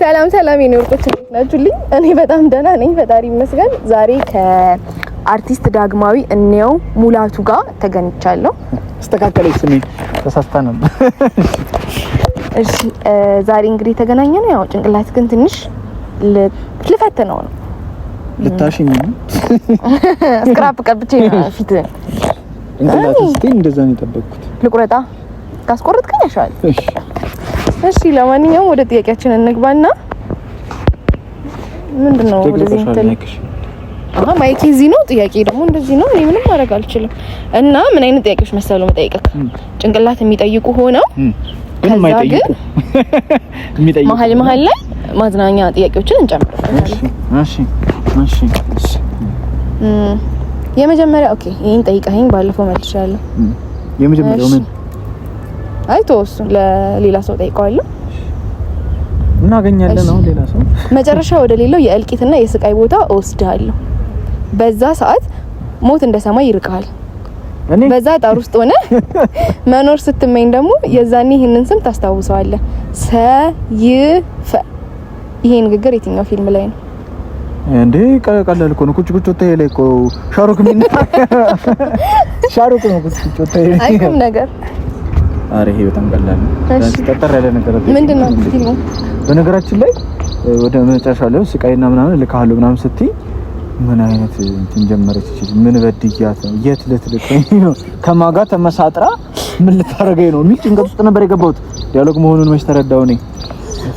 ሰላም ሰላም የኔ ወርቆች እንዴት ናችሁልኝ? እኔ በጣም ደህና ነኝ፣ ፈጣሪ ይመስገን። ዛሬ ከአርቲስት ዳግማዊ እንየው ሙላቱ ጋር ተገኝቻለሁ። አስተካከለች ስሜ ተሳስታ ነበር። እሺ ዛሬ እንግዲህ የተገናኘ ነው። ያው ጭንቅላት ግን ትንሽ ልፈትነው ነው። ልታሽኝ ነው? ስክራፕ ቀብቼ ነው ፊት እንግዲህ እንደዛ ነው የጠበቅኩት። ልቁረጣ ካስቆረጥከኝ ያሻል። እሺ እሺ ለማንኛውም ወደ ጥያቄያችን እንግባና ምንድነው ወደዚህ ተለክሽ? አሃ ማይክ እዚህ ነው፣ ጥያቄ ደግሞ እንደዚህ ነው። እኔ ምንም ማድረግ አልችልም። እና ምን አይነት ጥያቄዎች መሰለው መጠየቅህ? ጭንቅላት የሚጠይቁ ሆነው ከዛ ግን የሚጠይቁ መሀል መሀል ላይ ማዝናኛ ጥያቄዎችን እንጨምርበታለን። እሺ እሺ እሺ። የመጀመሪያ ኦኬ፣ ይሄን ጠይቀኸኝ ባለፈው መልሻለሁ። የመጀመሪያው ምን አይ ተወሱ ለሌላ ሰው ጠይቀዋለሁ። እናገኛለን ነው ሌላ ሰው። መጨረሻ ወደ ሌላው የእልቂትና የስቃይ ቦታ እወስድሃለሁ። በዛ ሰዓት ሞት እንደ ሰማይ ይርቀሃል። በዛ ጣር ውስጥ ሆነ መኖር ስትመኝ ደግሞ የዛኔ ይህንን ስም ታስታውሰዋለህ። ሰይፈ ይሄ ንግግር የትኛው ፊልም ላይ ነው እንዴ? ቀላል እኮ ነው። ቁጭ ቁጭ ተይ ላይ እኮ ሻሩክ ምን ሻሩክ ነው ቁጭ ቁጭ ተይ ይሄ አይኩም ነገር አረ ይሄ በጣም ቀላል ነው። ጠጠር ያለ ነገር ምንድነው? በነገራችን ላይ ወደ መጨረሻ ላይ ስቃይና ምናምን ልካሉ ምናምን ስትይ ምን አይነት እንትን ጀመረች? ይችል ምን በድያት ነው? የት ልትልቅ ነው? ከማጋ ተመሳጥራ ምን ልታረገኝ ነው የሚል ጭንቀት ውስጥ ነበር የገባሁት። ዲያሎግ መሆኑን መች ተረዳው። እኔ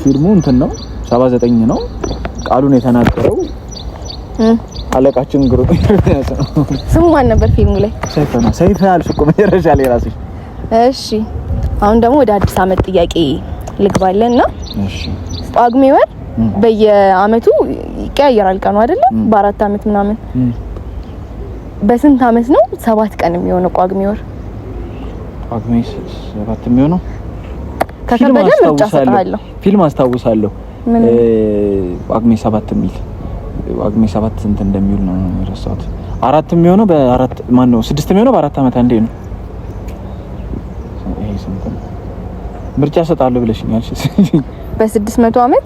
ፊልሙ እንትን ነው 79 ነው ቃሉን የተናገረው አለቃችን ግሩ ስሙ ማን ነበር? ፊልሙ ላይ ሰይፈ ነው። ሰይፈ አልሽኮ መጨረሻ ላይ ራስሽ እሺ አሁን ደግሞ ወደ አዲስ አመት ጥያቄ ልግባለና እሺ ጳጉሜ ወር በየአመቱ ይቀያየራል ቀኑ አይደለ በአራት አመት ምናምን በስንት አመት ነው ሰባት ቀን የሚሆነው ጳጉሜ ወር? ጳጉሜ ሰባት የሚሆነው ከከበደ ምርጫ ሰጥሃለሁ። ፊልም አስታውሳለሁ ጳጉሜ ሰባት የሚል ጳጉሜ ሰባት ስንት እንደሚውል ነው ረሳሁት። አራት የሚሆነው በአራት ማን ነው ስድስት የሚሆነው በአራት አመት አንዴ ነው ምርጫ ሰጣለሁ ብለሽኛል። በስድስት መቶ አመት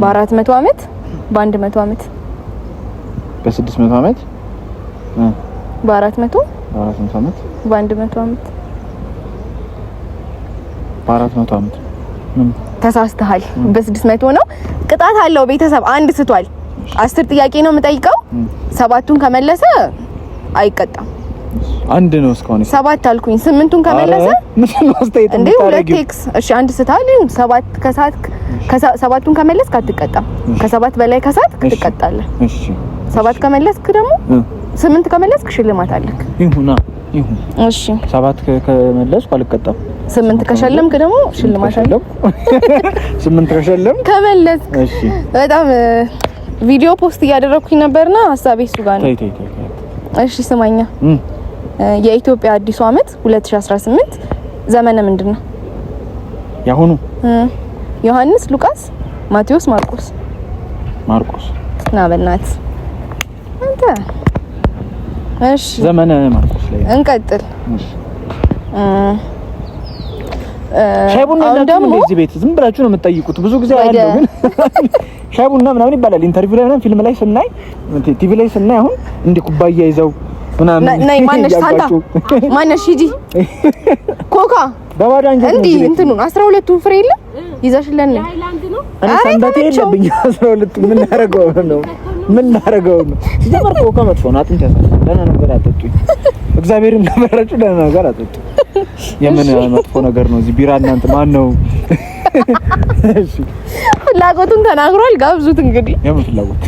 በአራት መቶ አመት በአንድ መቶ ዓመት በስድስት መቶ ዓመት በአራት መቶ በአራት በ100 አመት፣ በ ዓመት አመት። ተሳስተሃል። በ በ600 ነው። ቅጣት አለው። ቤተሰብ አንድ ስቷል። አስር ጥያቄ ነው የምጠይቀው። ሰባቱን ከመለሰ አይቀጣም። አንድ ነው እስካሁን ሰባት አልኩኝ። ስምንቱን ከመለሰ ምን አስተያየት እንዴ? ሁለት ኤክስ እሺ፣ አንድ ስታል ሰባት ከሳት ሰባቱን ከመለስክ አትቀጣም። ከሰባት በላይ ከሳት ትቀጣለህ። እሺ፣ ሰባት ከመለስክ ደግሞ ስምንት ከመለስክ ሽልማት አለክ። ይሁና ይሁን። እሺ፣ ሰባት ከመለስኩ አልቀጣም። ስምንት ከሸለምክ ደግሞ ሽልማት አለክ። ስምንት ከሸለምክ ከመለስክ እሺ። በጣም ቪዲዮ ፖስት እያደረኩኝ ነበርና ሀሳቤ እሱ ጋር ነው። እሺ፣ ስማኛ የኢትዮጵያ አዲሱ አመት 2018 ዘመነ ምንድን ነው? ያሁኑ ዮሐንስ፣ ሉቃስ፣ ማቴዎስ፣ ማርቆስ። ማርቆስ ና በእናት አንተ። እሺ ዘመነ ማርቆስ ላይ እንቀጥል። ሻይ ቡና ደግሞ እዚህ ቤት ዝም ብላችሁ ነው የምትጠይቁት። ብዙ ጊዜ አያለው ግን ሻይ ቡና ምናምን ይባላል። ኢንተርቪው ላይ ምናምን ፊልም ላይ ስናይ ቲቪ ላይ ስናይ አሁን እንደ ኩባያ ይዘው ማነሽ? ሂጂ ኮካ እንዲህ ፍሬ የለም ይዘሽለን። ሰንበቴ ነው? መጥፎ ነው። አጥንት ያሳል። ነገር አጠጡኝ። እግዚአብሔርን ከመረጩ ደህና ነገር አጠጡኝ። የምን መጥፎ ነገር ነው? እዚህ ቢራ እናንተ ማን ነው? ፍላጎቱን ተናግሯል። ጋብዙት እንግዲህ የምን ፍላጎት?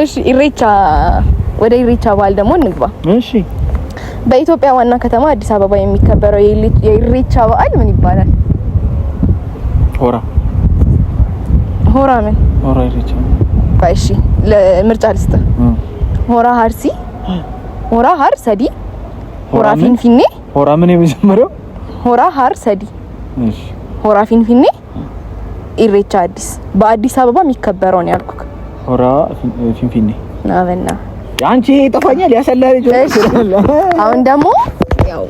እሺ ኢሬቻ ወደ ኢሬቻ በዓል ደግሞ እንግባ። እሺ። በኢትዮጵያ ዋና ከተማ አዲስ አበባ የሚከበረው የኢሬቻ በዓል ምን ይባላል? ሆራ ሆራ ምን ሆራ ኢሬቻ። እሺ፣ ለምርጫ ልስጥ። ሆራ ሀርሲ፣ ሆራ ሀር ሰዲ፣ ሆራ ፊንፊኔ። ሆራ ምን የመጀመሪያው? ሆራ ሀር ሰዲ፣ እሺ ሆራ ፊንፊኔ፣ ኢሬቻ አዲስ። በአዲስ አበባ የሚከበረው ነው ያልኩህ። ሆራ ፊንፊኔ አበና አንቺ ይሄ ይጠፋኛል ያሰላ ልጅ አሁን ደግሞ ያው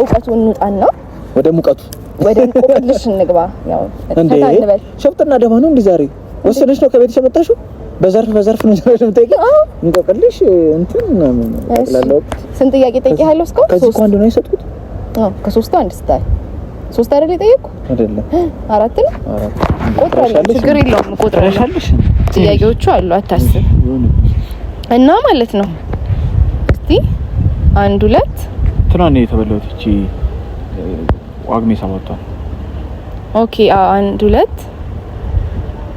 እውቀቱ እንውጣን ነው ወደ ሙቀቱ ወደ ቆቅልሽ እንግባ። ያው እንዴ ሸብጥና ደባ ነው እንዴ ዛሬ ወሰነሽ ነው ከቤት ሸመጣሹ? በዘርፍ በዘርፍ ነው ዛሬ ነው ጠይቂ። እንቆቅልሽ እንትን ምናምን አቅላለው። ስንት ጥያቄ ጠይቄሃለሁ እስካሁን? ከዚህ እኮ አንዱ ነው የሰጥኩት። አዎ ከሶስቱ አንድ ስታይ ሶስት አይደል የጠየቅኩ? አይደለም አራት ነው። አራት ቁጥር ችግር የለውም ቁጥር አለ። ጥያቄዎቹ አሉ አታስብ እና ማለት ነው እስቲ አንድ ሁለት ትናንት ነው የተበላሁት። እቺ ጳጉሜ ሰባቷ ኦኬ። አንድ ሁለት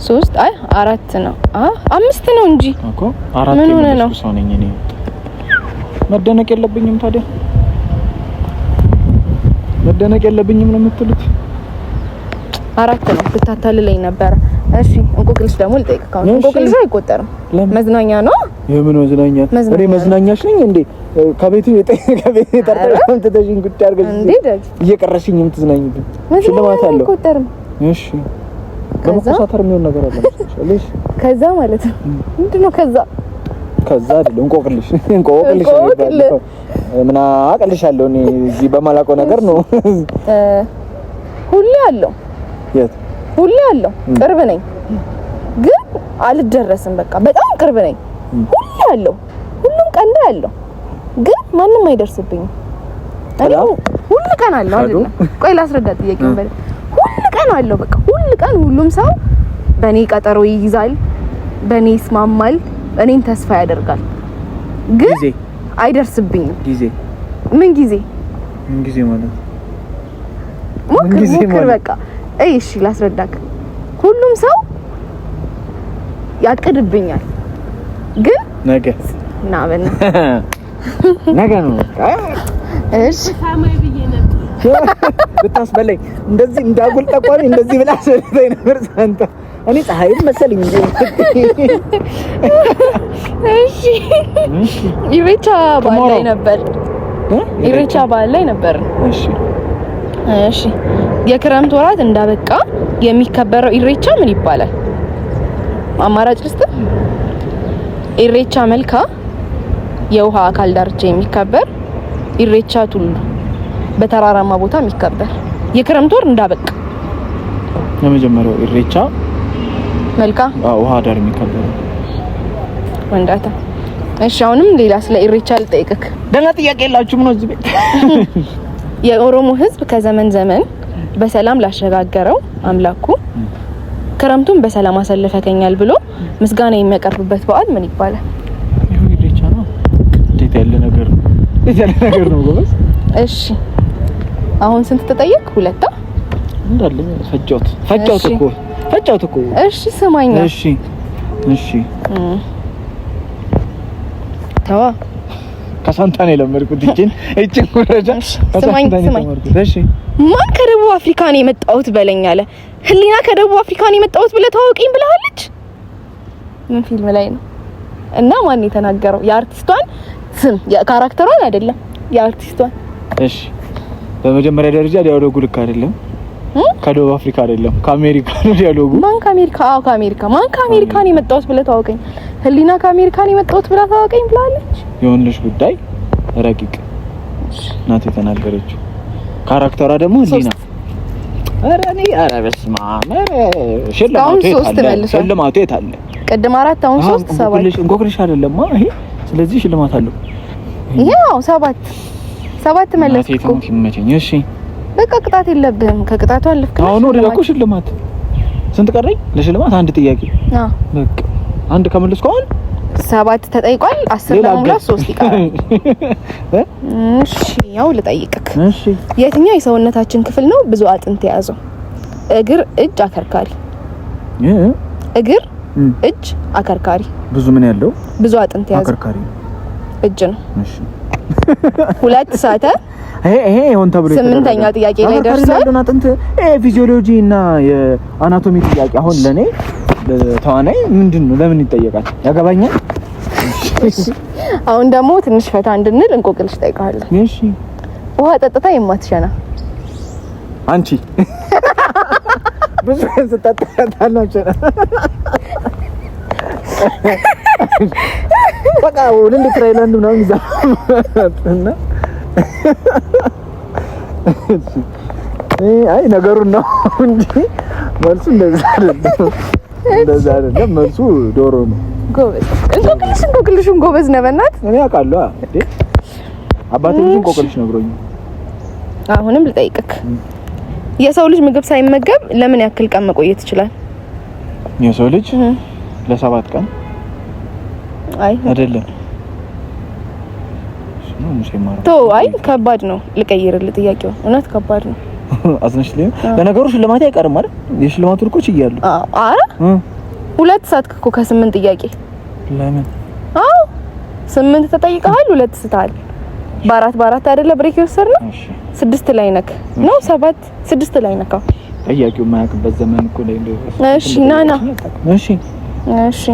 ሶስት አይ አራት ነው አምስት ነው እንጂ እኮ አራት ምን ሆነ ነው ሰው ነኝ እኔ መደነቅ የለብኝም ታዲያ መደነቅ የለብኝም ነው የምትሉት? አራት ነው ብታታልለኝ ነበረ። እሺ እንቆቅልሽ ደግሞ ልጠይቅ። እንቆቅልሽ አይቆጠርም መዝናኛ ነው የምን መዝናኛ? እኔ መዝናኛሽ ነኝ እንዴ? ከቤት ከቤት ተርተሽም ተተሽን ጉድ አድርገሽ እንዴ እየቀረሽኝ የምትዝናኝብኝ ሽልማት አለው። እሺ ከመቆሳተር የሚሆን ነገር አለ መሰለሽ። ከዛ ማለት ነው ምንድን ነው? ከዛ ከዛ አይደለም እንቆቅልሽ እንቆቅልሽ ምና አቅልሻለሁ እኔ እዚህ በማላውቀው ነገር ነው። ሁሌ አለው የት ሁሌ አለው ቅርብ ነኝ ግን አልደረስም። በቃ በጣም ቅርብ ነኝ አለው፣ ሁሉም ቀን አለው፣ ግን ማንም አይደርስብኝም። ሁሉ ቀን አለው ቆይ ላስረዳ። ጥያቄ ሁሉ ቀን አለው። በቃ ሁሉ ቀን ሁሉም ሰው በእኔ ቀጠሮ ይይዛል፣ በእኔ ይስማማል፣ እኔን ተስፋ ያደርጋል፣ ግን አይደርስብኝም። ጊዜ ምን ጊዜ ምን ጊዜ ማለት ሞክር እሺ ላስረዳክ። ሁሉም ሰው ያቅድብኛል ግን ነገ ና ነገ ነው። እንደዚህ እንዳጉል ጠቋሚ እንደዚህ ብላ ነበር እኔ ፀሐይም መሰለኝ እንጂ እሺ፣ ኢሬቻ በዓል ላይ ነበር። ኢሬቻ በዓል ላይ ነበር። እሺ፣ እሺ። የክረምት ወራት እንዳበቃ የሚከበረው ኢሬቻ ምን ይባላል? አማራጭ ልስጥ ኢሬቻ መልካ የውሃ አካል ዳርቻ የሚከበር ኢሬቻ ቱሉ በተራራማ ቦታ የሚከበር የክረምት ወር እንዳበቃ የመጀመሪያው ኢሬቻ መልካ ውሃ ዳር የሚከበር ወንዳታ። እሺ፣ አሁንም ሌላ ስለ ኢሬቻ ልጠይቅክ። ደህና ጥያቄ የላችሁም ነው እዚህ ቤት የኦሮሞ ህዝብ ከዘመን ዘመን በሰላም ላሸጋገረው አምላኩ ክረምቱን በሰላም አሳልፈከኛል ብሎ ምስጋና የሚያቀርብበት በዓል ምን ይባላል? ኢሬቻ ነው። ያለ ነገር ነው። ጎበዝ። እሺ አሁን ስንት ተጠየቅ? ሁለታ እንዳለ ፈጫውት ፈጫውት እኮ ፈጫውት እኮ። እሺ ስማኝ። እሺ እሺ ተዋ ከሳንታ ነው የለመድኩት። እቺን እቺን ኩረጃ ስማኝ ስማኝ። እሺ ማን ከደቡብ አፍሪካ ነው የመጣሁት በለኝ አለ። ህሊና ከደቡብ አፍሪካ ነው የመጣሁት ብለህ ታወቂኝ ብለሃለች። ምን ፊልም ላይ ነው? እና ማን የተናገረው? የአርቲስቷን ስም ካራክተሯን አይደለም፣ የአርቲስቷን። እሺ፣ በመጀመሪያ ደረጃ ዲያሎጉ ልክ አይደለም። ከደቡብ አፍሪካ አይደለም፣ ከአሜሪካ ነው ዲያሎጉ። ማን ከአሜሪካ? አዎ ከአሜሪካ። ማን ከአሜሪካ ነው የመጣሁት ብለህ ታወቀኝ። ህሊና ከአሜሪካ ነው የመጣሁት ብላ ታወቀኝ ብላለች። የወንድሽ ጉዳይ ረቂቅ ናት የተናገረችው። ካራክተሯ ደግሞ ህሊና ኧረ እኔ ኧረ በስመ አብ ኧረ ሽልማቱ የት አለ? ቅድም አራት አሁን ሶስት ሰባት እንቆቅልሽ ይሄ። ስለዚህ ሽልማት አለው። ይሄው ሰባት ሰባት መለስኩ እሺ በቃ ቅጣት የለብህም። ከቅጣቱ አለፍክ። አሁን ወደ ሽልማት ስንት ቀረኝ? ለሽልማት አንድ ጥያቄ። አዎ በቃ አንድ ከመለስኩ አሁን ሰባት ተጠይቋል። አስር ለመሙላት ሶስት ይቀራል። እሺ ያው ልጠይቅክ። እሺ የትኛው የሰውነታችን ክፍል ነው ብዙ አጥንት የያዘው? እግር፣ እጅ፣ አከርካሪ። እግር እጅ አከርካሪ ብዙ ምን ያለው ብዙ አጥንት ያዘ አከርካሪ እጅ ነው። እሺ ሁለት ሳተ ይሄ ይሄ ተብሎ ስምንተኛ ጥያቄ ላይ ደርሷል። አጥንት ይሄ ፊዚዮሎጂ እና የአናቶሚ ጥያቄ አሁን ለኔ ተዋናይ ምንድን ነው ለምን ይጠየቃል? ያገባኛል። አሁን ደግሞ ትንሽ ፈታ እንድንል እንቆቅልሽ እጠይቅሃለሁ። እሺ ውሃ ጠጥታ የማትሸና አንቺ ብዙ ስታጠራጣላቸው በቃ ሁለት ትራይላንድ ምናምን ይዛ እና አይ ነገሩን ነው እንጂ መልሱ እንደዛ አይደለም፣ እንደዛ አይደለም። መልሱ ዶሮ ነው። ጎበዝ እንቆቅልሽ፣ እንቆቅልሽን ጎበዝ ነህ። በእናትህ እኔ አውቃለሁ። አባቴ ብዙ እንቆቅልሽ ነግሮኛል። አሁንም ልጠይቅህ የሰው ልጅ ምግብ ሳይመገብ ለምን ያክል ቀን መቆየት ይችላል? የሰው ልጅ ለሰባት ቀን አይ አይደለም ቶ አይ ከባድ ነው። ልቀይርልህ ጥያቄው። እውነት ከባድ ነው። አዝነሽ ለይ ለነገሩ ሽልማት አይቀርም አይደል? የሽልማቱ ልኮች እያሉ አረ ሁለት ሰዓት እኮ ከስምንት ጥያቄ ለምን? አዎ ስምንት ተጠይቀሃል፣ ሁለት ስታል በአራት በአራት አይደለ ብሬክ የወሰድነው ስድስት ላይ ነክ ነው ሰባት ስድስት ላይ ነካው አሁን ጠያቂው የማያውቅበት ዘመን እኮ ላይ እሺ ና ና እሺ እሺ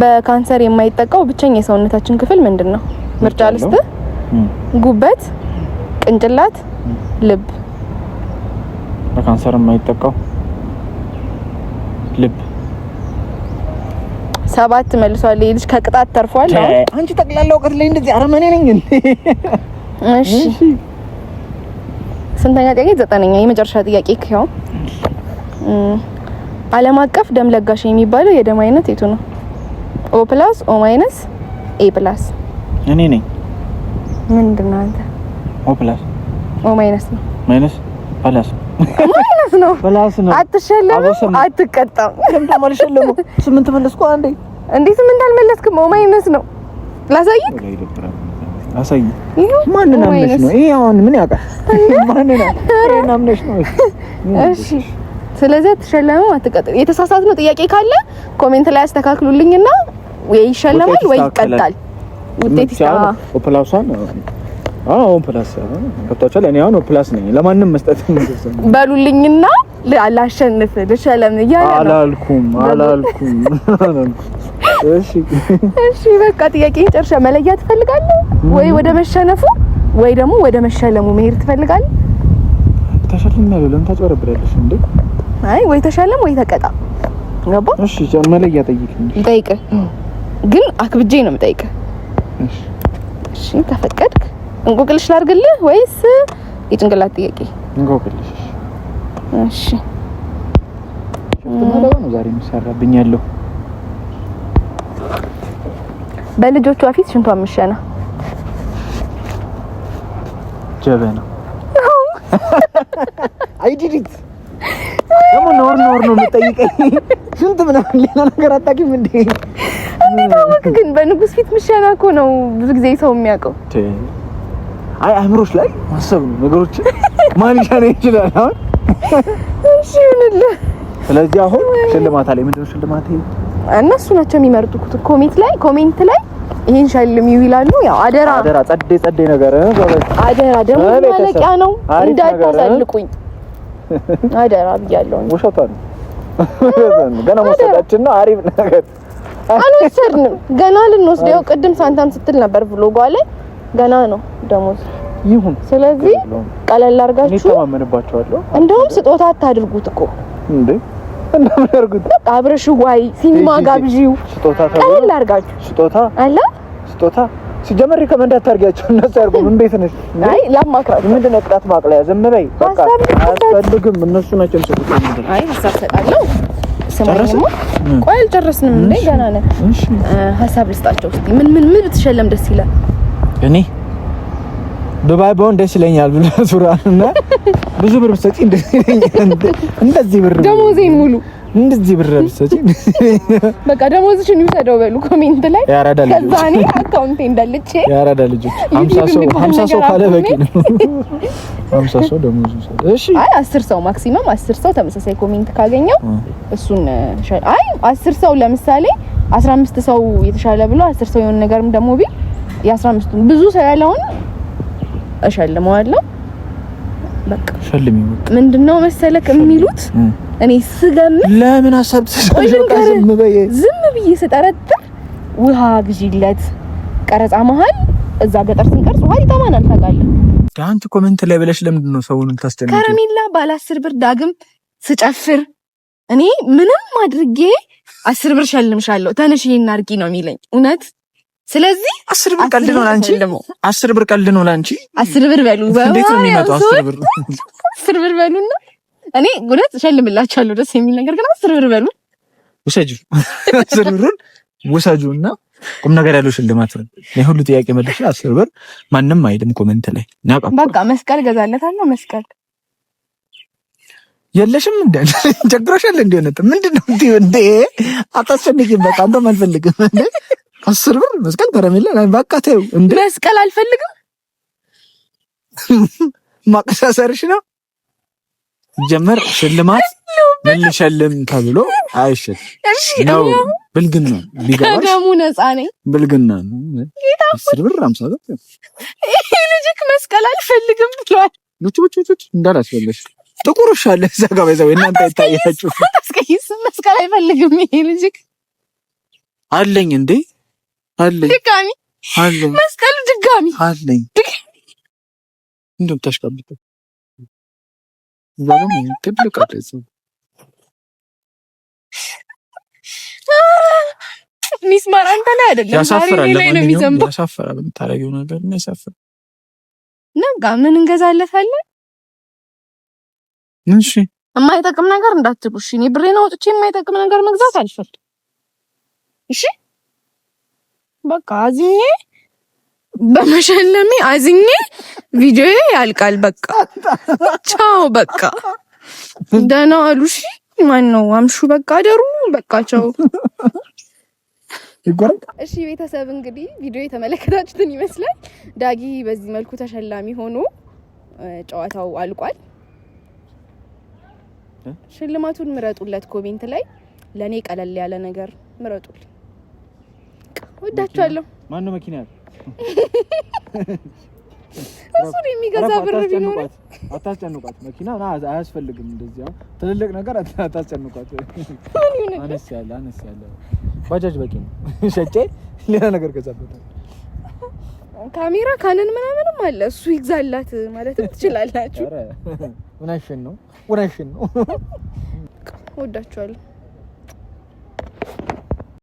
በካንሰር የማይጠቃው ብቸኛ የሰውነታችን ክፍል ምንድን ነው? ምርጫ ልስት ጉበት፣ ቅንጭላት፣ ልብ። በካንሰር የማይጠቃው ልብ ሰባት መልሷል። ይሄ ልጅ ከቅጣት ተርፏል። አንቺ ጠቅላላ እውቀት ላይ እንደዚህ አረመኔ ነኝ እንዴ? እሺ ስንተኛ ጥያቄ? ዘጠነኛ የመጨረሻ ጥያቄ ይኸው። ዓለም አቀፍ ደም ለጋሽ የሚባለው የደም አይነት የቱ ነው? ኦ ፕላስ፣ ኦ ማይነስ፣ ኤ ፕላስ። እኔ ነኝ። ምንድን ነው አንተ? ኦ ፕላስ። ኦ ማይነስ ነው። ማይነስ ፕላስ ማይነስ ነው። ፕላስ ነው። አትሸለምም፣ አትቀጣም። ለምን ተመለሸለሙ? ስምንት መለስኩ አንዴ እንዴትም እንዳልመለስክም ማይነስ ነው። ላሳይክ አሳይ። ነው? ይሄ አሁን ምን ነው? እሺ ስለዚህ ተሸለመ አትቀጥል። ነው ጥያቄ ካለ ኮሜንት ላይ አስተካክሉልኝና ወይ ይሸለማል ወይ ይቀጣል። ውጤት ይስጣ አዎ አሁን ኦፕላስ ነኝ። ለማንም መስጠት በሉልኝና ላሸንፍ ልሸለም እያለ ነው። አላልኩም አላልኩም እሺ በቃ ጥያቄ ጨርሻ። መለያ ትፈልጋለህ ወይ ወደ መሸነፉ ወይ ደግሞ ወደ መሸለሙ መሄድ ትፈልጋለህ? ያለው ለምን ታጭበረብራለሽ እንዴ? አይ ወይ ተሸለም ወይ ተቀጣ። ገባ? እሺ መለያ ጠይቅ እንጂ ጠይቅ፣ ግን አክብጄ ነው የምጠይቅህ። እሺ እሺ፣ ተፈቀድክ። እንቆቅልሽ ላድርግልህ ወይስ የጭንቅላት ጥያቄ? እንቆቅልሽ። እሺ ነው ዛሬ የሚሰራብኝ ያለው በልጆቿ ፊት ሽንቷ ምሸና ጀበና አይ ዲዲት ኢት ደግሞ ኖር ኖር ነው የምጠይቀኝ። ሽንት ምናምን ሌላ ነገር አታውቂም እንዴ? እንዴት አወቅ ግን? በንጉስ ፊት ምሸና እኮ ነው ብዙ ጊዜ ሰው የሚያውቀው። አይ አእምሮች ላይ ማሰብ ነው ነገሮች ማንሻ ነው ይችላል። አሁን እሺ ይሁንልህ። ስለዚህ አሁን ሽልማት አለ። ምንድነው ሽልማት? እነሱ ናቸው የሚመርጡት ኮሜንት ላይ ኮሜንት ላይ ይሄን ሸልም ይላሉ። ያው አደራ አደራ ጸዴ ጸዴ ነገር አደራ ደግሞ ማለቂያ ነው እንዳታሳልቁኝ አደራ ብያለሁ። ውሸቷ ገና መውሰዳችን ነው። አሪፍ ነገር አልወሰድንም ገና ልንወስድ ያው ቅድም ሳንታም ስትል ነበር ብሎ ጓለ ገና ነው ደሞዝ ይሁን። ስለዚህ ቀለል አድርጋችሁ እተማመንባችኋለሁ። እንደውም ስጦታ አታድርጉት እኮ እንዴ እንደምን አድርጉት። አብረሽ ዋይ ሲኒማ ጋብዢው ስጦታ ቀለል አድርጋችሁ ስጦታ አለ ስጦታ ሲጀመር ሪከመንድ አታርጊያቸው። እነሱ ያርጉም። እንዴት ነሽ? አይ ላማክራት። ምንድን ነው ቅጣት ማቅለያ? ዝም በይ በቃ አያስፈልግም። እነሱ ናቸው ሰው አይ ሀሳብ ሰጣለሁ። ስማኝማ ቆይ አልጨረስንም እንዴ? ገና ነን። ሀሳብ ልስጣቸው እስቲ። ምን ምን ምን ብትሸለም ደስ ይላል? እኔ ዱባይ በሆን ደስ ይለኛል ብሎ ሱራን እና ብዙ ብር ብሰጪ እንደዚህ ብር ደሞዜን ሙሉ እንደዚህ ብር ብሰጪ በቃ ደሞዝሽን ይውሰደው በሉ ኮሜንት ላይ ያራዳ ልጅ ከዛ እኔ አካውንቴ እንዳልቼ ያራዳ ልጅ 50 ሰው 50 ሰው ካለ በቂ ነው። 50 ሰው ደሞዝ ይውሰድ። እሺ አይ 10 ሰው ማክሲመም 10 ሰው ተመሳሳይ ኮሜንት ካገኘው እሱን አይ 10 ሰው ለምሳሌ 15 ሰው የተሻለ ብሎ 10 ሰው የሆነ ነገርም ደሞ ቢ የ15 ብዙ ሰው ያለውን እሸልመዋለሁ። በቃ ሸልሚ። ምንድነው መሰለክ የሚሉት እኔ ስገም ለምን ሀሳብ ዝም ብዬ ስጠረጥር ውሃ ግዢለት ቀረጻ መሀል እዛ ገጠር ስንቀርጽ ውሃ ይጠማናል ታውቃለህ። አንቺ ኮመንት ላይ ብለሽ ለምንድን ነው ሰውን ታስደንቂ? ከረሜላ ባለ አስር ብር ዳግም ስጨፍር እኔ ምንም አድርጌ አስር ብር ሸልምሻለሁ ተነሽ ይሄን ነው የሚለኝ እውነት ስለዚህ አስር ብር ቀልድ ነው ላንቺ፣ አስር ብር ቀልድ ነው ላንቺ። አስር ብር በሉ። እንዴት ነው የሚመጣው? አስር ብር አስር ብር በሉና እኔ ሁለት እሸልምላችኋለሁ። ደስ የሚል ነገር ግን አስር ብር በሉ። ውሰጁ፣ አስር ብሩን ውሰጁ እና ቁም ነገር ያለው ሽልማት ነው። እኔ ሁሉ ጥያቄ መልሼ አስር ብር ማንም አይልም ኮመንት ላይ ናቃ። በቃ መስቀል ገዛለታለሁ። መስቀል የለሽም እንደ ቸግሮሻል እንዲሆነት ምንድነው እንዴ? አታስጨንቂም። በቃ እንደውም አልፈልግም አስር ብር መስቀል ከረሜላ ላይ በቃ ተይው። እንደ መስቀል አልፈልግም። ማቀሳሰርሽ ነው ጀመር ሽልማት መልሸልም ተብሎ አይሽል ነው ብልግና ከደሙ ነፃ ነኝ። ብልግና አስር ብር አምሳ ብር ይሄ ልጅክ መስቀል አልፈልግም ብሏል። ሉጭ ሉጭ ሉጭ እንዳላስበለሽ ጥቁር ውሻ አለ እዛ ጋር በዛው እናንተ ይታያችሁ። መስቀል አይፈልግም ይሄ ልጅክ አለኝ እንዴ አለኝ። ድጋሚ አለኝ። መስቀል ድጋሚ አለኝ። ሚስማር አንተ ላይ አይደለም፣ ያሳፍራል። ለማንኛውም ያሳፍራል። የምታደርጊው ነገር ያሳፍራል። ነጋ ምን እንገዛለታለን? እሺ የማይጠቅም ነገር እንዳትሉ እሺ። እኔ ብሬን አውጥቼ የማይጠቅም ነገር መግዛት አልፈልግም። እሺ በቃ አዝኜ በመሸለሜ አዝኜ ቪዲዮ ያልቃል። በቃ ቻው። በቃ ደህና አሉ እሺ ማን ነው አምሹ። በቃ አደሩ። በቃ ቻው። እሺ ቤተሰብ እንግዲህ ቪዲዮ የተመለከታችሁትን ይመስላል። ዳጊ በዚህ መልኩ ተሸላሚ ሆኖ ጨዋታው አልቋል። ሽልማቱን ምረጡለት። ኮሜንት ላይ ለእኔ ቀለል ያለ ነገር ምረጡልኝ። በቃ ወዳችኋለሁ። ማነው መኪና ያለው? የሚገዛ ብር ቢኖር አታስጨንቋት። መኪና አያስፈልግም። እንደዚህ ትልልቅ ነገር አታስጨንቋት። አነስ ያለ አነስ ያለ ባጃጅ በቂ ነው። ሸጬ ሌላ ነገር ገዛበታል። ካሜራ ካንን ምናምንም አለ። እሱ ይግዛላት ማለትም ትችላላችሁ። ውናሽን ነው ውናሽን ነው። ወዳችኋለሁ።